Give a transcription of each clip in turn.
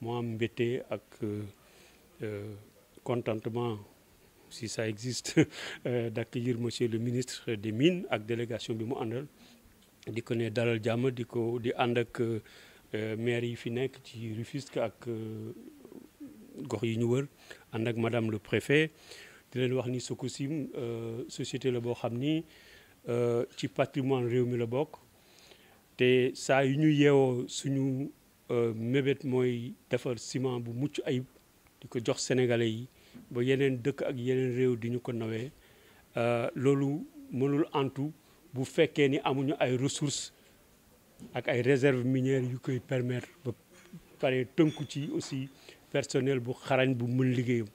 Moi, am avec euh, euh, contentement si ça existe euh, d'accueillir monsieur le ministre des mines avec délégation bi mu andal di ko dalal jàmm di ko di and ak maire yi fi nek ci Rufisque ak gox yi ñu wër and ak madame le préfet di leen wax ni Sococim société la bo xamni ni ci patrimoine réew mi la bokk ça saa yu ñu yéwo suñu Euh, mébét mooy defar ciment bu mucc ayib di ko jox sénégalais yi ba yeneen dëkk ak yeneen réew di ñu ko nawee euh, loolu mënul antu bu fekkee ni amuñu ay ressources ak ay réserves minières yu koy permettre ba pare tënku ci aussi personnel bu xarañ bu mën liggéeyam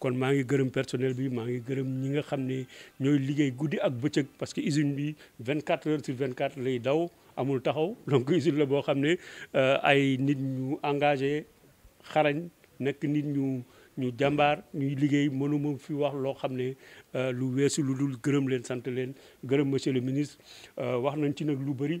kon maa ngi gërëm personnel bi maa ngi gërëm ñi nga xam ne ñooy liggéey guddi ak bëccëg parce que usine bi 24 heures sur 24 lay daw amul taxaw donc usine la boo xam ne euh, ay nit ñu engagé xarañ nekk nit ñu ñu jàmbaar ñuy liggéey mënuma fi wax loo xam ne euh, lu weesu lu dul gërëm leen sant leen gërëm monsieur le ministre euh, wax nañ ci nag lu bëri